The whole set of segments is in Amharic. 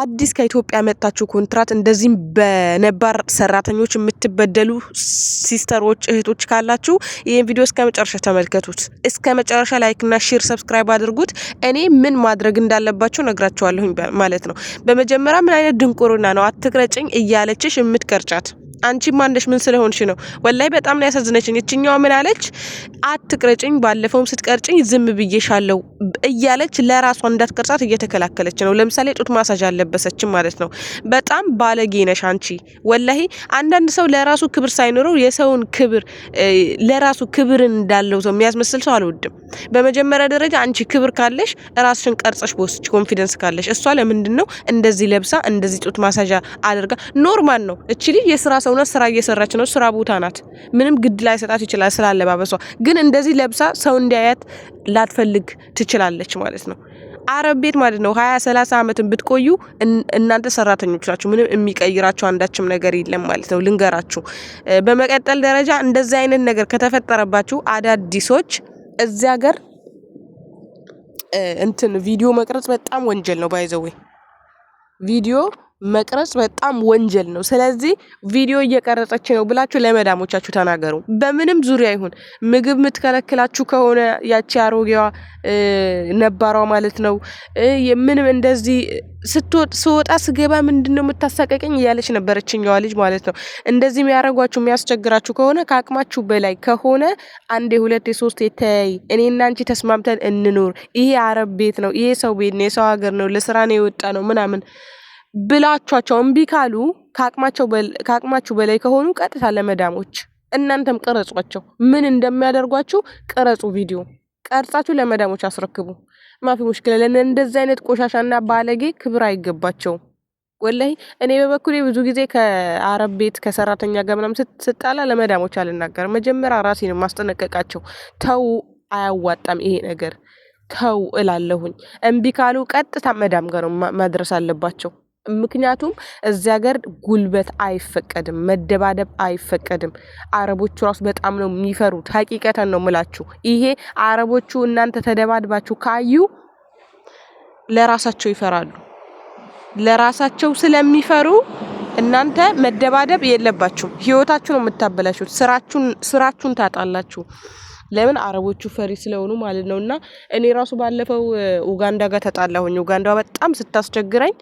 አዲስ ከኢትዮጵያ መጣችሁ ኮንትራት እንደዚህም በነባር ሰራተኞች የምትበደሉ ሲስተሮች እህቶች ካላችሁ ይህን ቪዲዮ እስከ መጨረሻ ተመልከቱት። እስከ መጨረሻ ላይክና ሼር ሰብስክራይብ አድርጉት። እኔ ምን ማድረግ እንዳለባቸው ነግራቸዋለሁኝ ማለት ነው። በመጀመሪያ ምን አይነት ድንቁርና ነው አትቅረጭኝ እያለችሽ የምትቀርጫት አንቺ ማንደሽ ምን ስለሆንሽ ነው? ወላይ በጣም ነው ያሳዝነችኝ። እችኛዋ ምን አለች? አትቅረጭኝ፣ ባለፈውም ስትቀርጭኝ ዝም ብዬሻለሁ እያለች ለራሷ እንዳትቀርጻት እየተከላከለች ነው። ለምሳሌ ጡት ማሳጅ አለበሰችም ማለት ነው። በጣም ባለጌ ነሽ አንቺ። ወላሂ አንዳንድ ሰው ለራሱ ክብር ሳይኖረው የሰውን ክብር ለራሱ ክብር እንዳለው ሰው የሚያስመስል ሰው አልወድም። በመጀመሪያ ደረጃ አንቺ ክብር ካለሽ ራስሽን ቀርጸሽ በወስች ኮንፊደንስ ካለሽ እሷ ለምንድን ነው እንደዚህ ለብሳ እንደዚህ ጡት ማሳጃ አድርጋ ኖርማል ነው እችሊ የስራ ሰው ስራ እየሰራች ነው። ስራ ቦታ ናት። ምንም ግድ ላይ ሰጣት ይችላል ስለ አለባበሷ። ግን እንደዚህ ለብሳ ሰው እንዲያያት ላትፈልግ ትችላለች ማለት ነው። አረብ ቤት ማለት ነው ሀያ ሰላሳ ዓመትን ብትቆዩ እናንተ ሰራተኞች ናችሁ። ምንም የሚቀይራችሁ አንዳችም ነገር የለም ማለት ነው። ልንገራችሁ። በመቀጠል ደረጃ እንደዚህ አይነት ነገር ከተፈጠረባችሁ አዳዲሶች እዚህ ሀገር እንትን ቪዲዮ መቅረጽ በጣም ወንጀል ነው። ባይዘዌ ቪዲዮ መቅረጽ በጣም ወንጀል ነው። ስለዚህ ቪዲዮ እየቀረጸች ነው ብላችሁ ለመዳሞቻችሁ ተናገሩ። በምንም ዙሪያ ይሁን ምግብ የምትከለክላችሁ ከሆነ ያቺ አሮጌዋ ነባሯ ማለት ነው። ምንም እንደዚህ ስወጣ ስገባ ምንድን ነው የምታሳቀቀኝ እያለች ነበረችኛዋ ልጅ ማለት ነው። እንደዚህ የሚያደርጓችሁ የሚያስቸግራችሁ ከሆነ ከአቅማችሁ በላይ ከሆነ አንድ የሁለት የሶስት የተያይ እኔና አንቺ ተስማምተን እንኖር። ይሄ አረብ ቤት ነው፣ ይሄ ሰው ቤት ነው፣ የሰው ሀገር ነው፣ ለስራ ነው የወጣ ነው ምናምን ብላችኋቸው እምቢ ካሉ ከአቅማችሁ በላይ ከሆኑ ቀጥታ ለመዳሞች እናንተም ቅረጿቸው። ምን እንደሚያደርጓችሁ ቅረጹ። ቪዲዮ ቀርጻችሁ ለመዳሞች አስረክቡ። ማፊ ሙሽክላ። እንደዚህ አይነት ቆሻሻና ባለጌ ክብር አይገባቸውም። ወላይ እኔ በበኩሌ ብዙ ጊዜ ከአረብ ቤት ከሰራተኛ ጋር ምናምን ስጣላ ለመዳሞች አልናገርም። መጀመሪያ ራሴ ነው ማስጠነቀቃቸው። ተው አያዋጣም ይሄ ነገር ተው እላለሁኝ። እምቢ ካሉ ቀጥታ መዳም ጋር ነው መድረስ አለባቸው። ምክንያቱም እዚ ሀገር ጉልበት አይፈቀድም፣ መደባደብ አይፈቀድም። አረቦቹ ራሱ በጣም ነው የሚፈሩት። ሀቂቀተን ነው ምላችሁ። ይሄ አረቦቹ እናንተ ተደባድባችሁ ካዩ ለራሳቸው ይፈራሉ። ለራሳቸው ስለሚፈሩ እናንተ መደባደብ የለባችሁም። ህይወታችሁ ነው የምታበላችሁት። ስራችሁን ታጣላችሁ። ለምን አረቦቹ ፈሪ ስለሆኑ ማለት ነው። እና እኔ ራሱ ባለፈው ኡጋንዳ ጋር ተጣላሁኝ። ኡጋንዳ በጣም ስታስቸግረኝ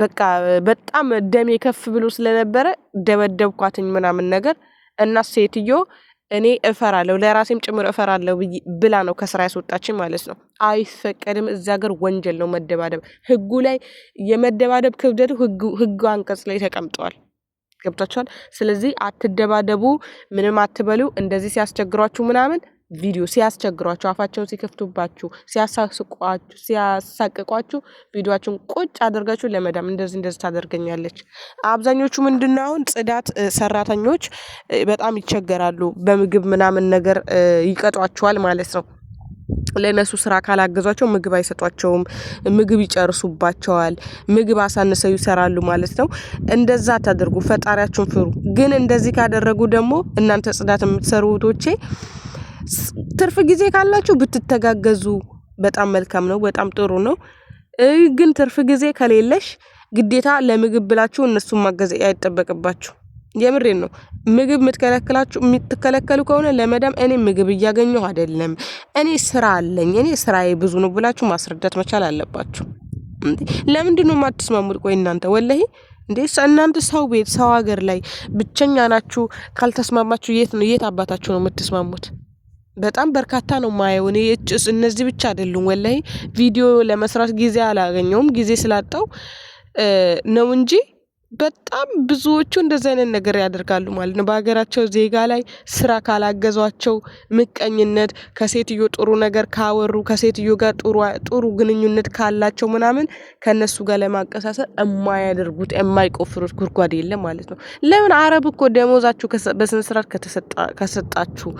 በቃ በጣም ደሜ ከፍ ብሎ ስለነበረ ደበደብኳትኝ ምናምን ነገር እና ሴትዮ እኔ እፈራለሁ ለራሴም ጭምር እፈራለሁ ብላ ነው ከስራ ያስወጣችን ማለት ነው። አይፈቀድም። እዚ ሀገር ወንጀል ነው መደባደብ። ህጉ ላይ የመደባደብ ክብደቱ ህግ አንቀጽ ላይ ተቀምጠዋል። ገብቷችኋል? ስለዚህ አትደባደቡ፣ ምንም አትበሉ፣ እንደዚህ ሲያስቸግሯችሁ ምናምን ቪዲዮ ሲያስቸግሯችሁ፣ አፋቸውን ሲከፍቱባችሁ፣ ሲያሳስቋችሁ፣ ሲያሳቅቋችሁ ቪዲዮችሁን ቁጭ አድርጋችሁ ለመዳም እንደዚህ እንደዚህ ታደርገኛለች። አብዛኞቹ ምንድን ነው አሁን ጽዳት ሰራተኞች በጣም ይቸገራሉ። በምግብ ምናምን ነገር ይቀጧቸዋል ማለት ነው። ለእነሱ ስራ ካላገዟቸው ምግብ አይሰጧቸውም። ምግብ ይጨርሱባቸዋል። ምግብ አሳንሰው ይሰራሉ ማለት ነው። እንደዛ ታደርጉ፣ ፈጣሪያችሁን ፍሩ። ግን እንደዚህ ካደረጉ ደግሞ እናንተ ጽዳት የምትሰሩ ውቶቼ ትርፍ ጊዜ ካላችሁ ብትተጋገዙ በጣም መልካም ነው፣ በጣም ጥሩ ነው። ግን ትርፍ ጊዜ ከሌለሽ ግዴታ ለምግብ ብላችሁ እነሱን ማገዝ አይጠበቅባችሁ። የምሬን ነው። ምግብ የምትከለክላችሁ የምትከለከሉ ከሆነ ለመዳም እኔ ምግብ እያገኘሁ አይደለም፣ እኔ ስራ አለኝ፣ እኔ ስራዬ ብዙ ነው ብላችሁ ማስረዳት መቻል አለባችሁ። ለምንድን ነው የማትስማሙት? ቆይ እናንተ ወላሂ እንዴ እናንተ ሰው ቤት ሰው ሀገር ላይ ብቸኛ ናችሁ። ካልተስማማችሁ የት ነው የት አባታችሁ ነው የምትስማሙት? በጣም በርካታ ነው ማየው። እኔ እነዚህ ብቻ አይደሉም። ወላይ ቪዲዮ ለመስራት ጊዜ አላገኘውም። ጊዜ ስላጣው ነው እንጂ በጣም ብዙዎቹ እንደዚህ አይነት ነገር ያደርጋሉ ማለት ነው። በሀገራቸው ዜጋ ላይ ስራ ካላገዟቸው ምቀኝነት፣ ከሴትዮ ጥሩ ነገር ካወሩ፣ ከሴትዮ ጋር ጥሩ ግንኙነት ካላቸው ምናምን ከእነሱ ጋር ለማቀሳሰር የማያደርጉት የማይቆፍሩት ጉድጓድ የለም ማለት ነው። ለምን አረብ እኮ ደሞዛችሁ በስነ ከሰጣችሁ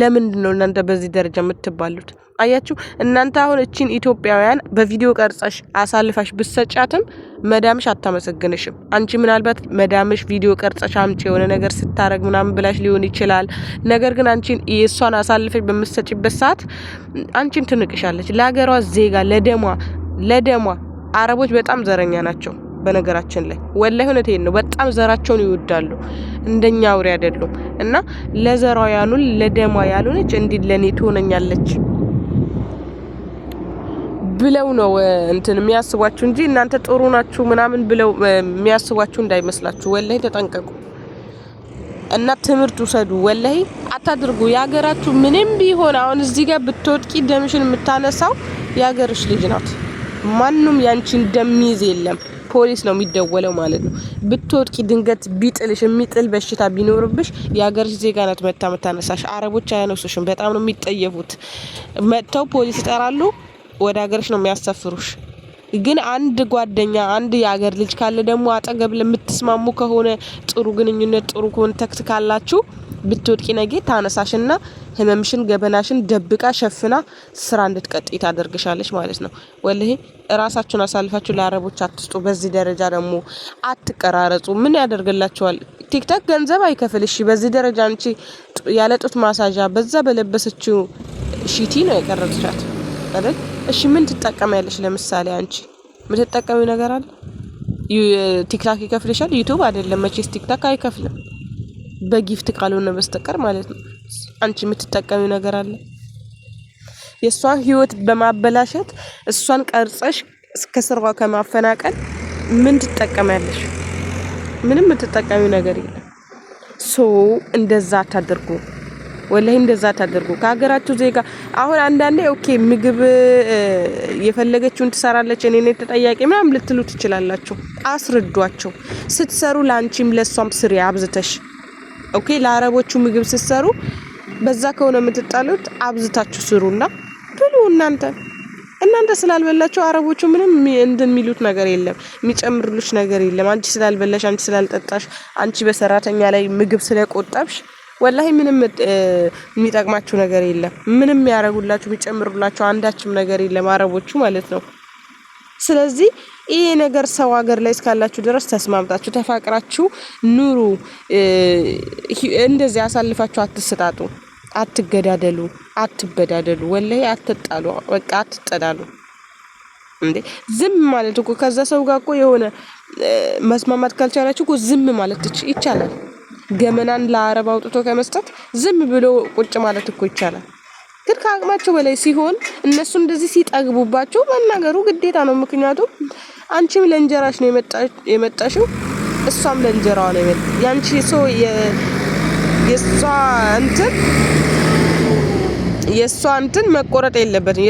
ለምንድን ነው እናንተ በዚህ ደረጃ የምትባሉት? አያችሁ፣ እናንተ አሁን እቺን ኢትዮጵያውያን በቪዲዮ ቀርጸሽ አሳልፋሽ ብሰጫትም መዳምሽ አታመሰግንሽም። አንቺ ምናልባት መዳምሽ ቪዲዮ ቀርጸሽ አምጪ የሆነ ነገር ስታረግ ምናምን ብላሽ ሊሆን ይችላል። ነገር ግን አንቺን የእሷን አሳልፈሽ በምሰጭበት ሰዓት አንቺን ትንቅሻለች። ለሀገሯ ዜጋ ለደሟ ለደሟ አረቦች በጣም ዘረኛ ናቸው። በነገራችን ላይ ወላሂ እውነቴን ነው። በጣም ዘራቸውን ይወዳሉ። እንደኛ አውሬ አይደሉም። እና ለዘሯ ያሉን ለደሟ ያሉነች እንዲ ለኔ ትሆነኛለች ብለው ነው እንትን የሚያስቧችሁ እንጂ እናንተ ጥሩ ናችሁ ምናምን ብለው የሚያስቧችሁ እንዳይመስላችሁ። ወላይ ተጠንቀቁ እና ትምህርት ውሰዱ። ወላይ አታድርጉ። የሀገራችሁ ምንም ቢሆን አሁን እዚህ ጋር ብትወድቂ ደምሽን የምታነሳው የሀገርሽ ልጅ ናት። ማንም ደም ይዝ የለም። ፖሊስ ነው የሚደወለው ማለት ነው። ብትወድቂ ድንገት ቢጥልሽ የሚጥል በሽታ ቢኖርብሽ የሀገርሽ ዜጋ ናት መታ መታነሳሽ። አረቦች አያነሱሽም። በጣም ነው የሚጠየፉት። መጥተው ፖሊስ ይጠራሉ። ወደ ሀገርሽ ነው የሚያሰፍሩሽ ግን አንድ ጓደኛ አንድ የሀገር ልጅ ካለ ደግሞ አጠገብ ለምትስማሙ ከሆነ ጥሩ ግንኙነት ጥሩ ኮንተክት ካላችሁ ብትወድቂ ነገ ታነሳሽና ህመምሽን ገበናሽን ደብቃ ሸፍና ስራ እንድትቀጥ ታደርግሻለች ማለት ነው። ወለህ እራሳችሁን አሳልፋችሁ ለአረቦች አትስጡ። በዚህ ደረጃ ደግሞ አትቀራረጹ። ምን ያደርግላችኋል? ቲክታክ ገንዘብ አይከፍልሽ በዚህ ደረጃ አንቺ ያለጡት ማሳዣ በዛ በለበሰችው ሺቲ ነው የቀረጽሻት። አይደል? እሺ ምን ትጠቀሚያለሽ? ለምሳሌ አንቺ የምትጠቀሚው ነገር አለ? ቲክታክ ይከፍልሻል? ዩቱብ አይደለም መቼስ ቲክታክ አይከፍልም፣ በጊፍት ካልሆነ በስተቀር ማለት ነው። አንቺ የምትጠቀሚው ነገር አለ? የእሷን ህይወት በማበላሸት እሷን ቀርጸሽ እስከ ከማፈናቀል ምን ትጠቀሚያለሽ? ምንም የምትጠቀሚው ነገር የለም። ሶ እንደዛ አታደርጉ። ወላሂ እንደዛ ታደርጉ ከሀገራችሁ ዜጋ አሁን አንዳንዴ ኦኬ ምግብ የፈለገችውን ትሰራለች እኔ ነኝ ተጠያቂ ምናምን ልትሉ ትችላላችሁ። አስረዷቸው። ስትሰሩ ለአንቺም ለእሷም ስሪ አብዝተሽ። ኦኬ ለአረቦቹ ምግብ ስትሰሩ በዛ ከሆነ የምትጣሉት አብዝታችሁ ስሩና ብሉ እናንተ እናንተ ስላልበላችሁ አረቦቹ ምንም እንትን የሚሉት ነገር የለም፣ የሚጨምሩልሽ ነገር የለም። አንቺ ስላልበላሽ፣ አንቺ ስላልጠጣሽ፣ አንቺ በሰራተኛ ላይ ምግብ ስለቆጠብሽ ወላሂ ምንም የሚጠቅማችሁ ነገር የለም። ምንም የሚያደርጉላችሁ የሚጨምሩላችሁ አንዳችም ነገር የለም አረቦቹ ማለት ነው። ስለዚህ ይሄ ነገር ሰው ሀገር ላይ እስካላችሁ ድረስ ተስማምታችሁ ተፋቅራችሁ ኑሩ። እንደዚህ አሳልፋችሁ አትስጣጡ፣ አትገዳደሉ፣ አትበዳደሉ። ወላሂ አትጣሉ፣ በቃ አትጠላሉ። እንዴ ዝም ማለት እኮ ከዛ ሰው ጋር እኮ የሆነ መስማማት ካልቻላችሁ እኮ ዝም ማለት ይቻላል። ገመናን ለአረብ አውጥቶ ከመስጠት ዝም ብሎ ቁጭ ማለት እኮ ይቻላል። ግን ከአቅማቸው በላይ ሲሆን እነሱ እንደዚህ ሲጠግቡባቸው መናገሩ ግዴታ ነው። ምክንያቱም አንቺም ለእንጀራሽ ነው የመጣሽው፣ እሷም ለእንጀራዋ ነው የመጣ ያንቺ ሰው የእሷ እንትን የእሷ እንትን መቆረጥ የለበትም።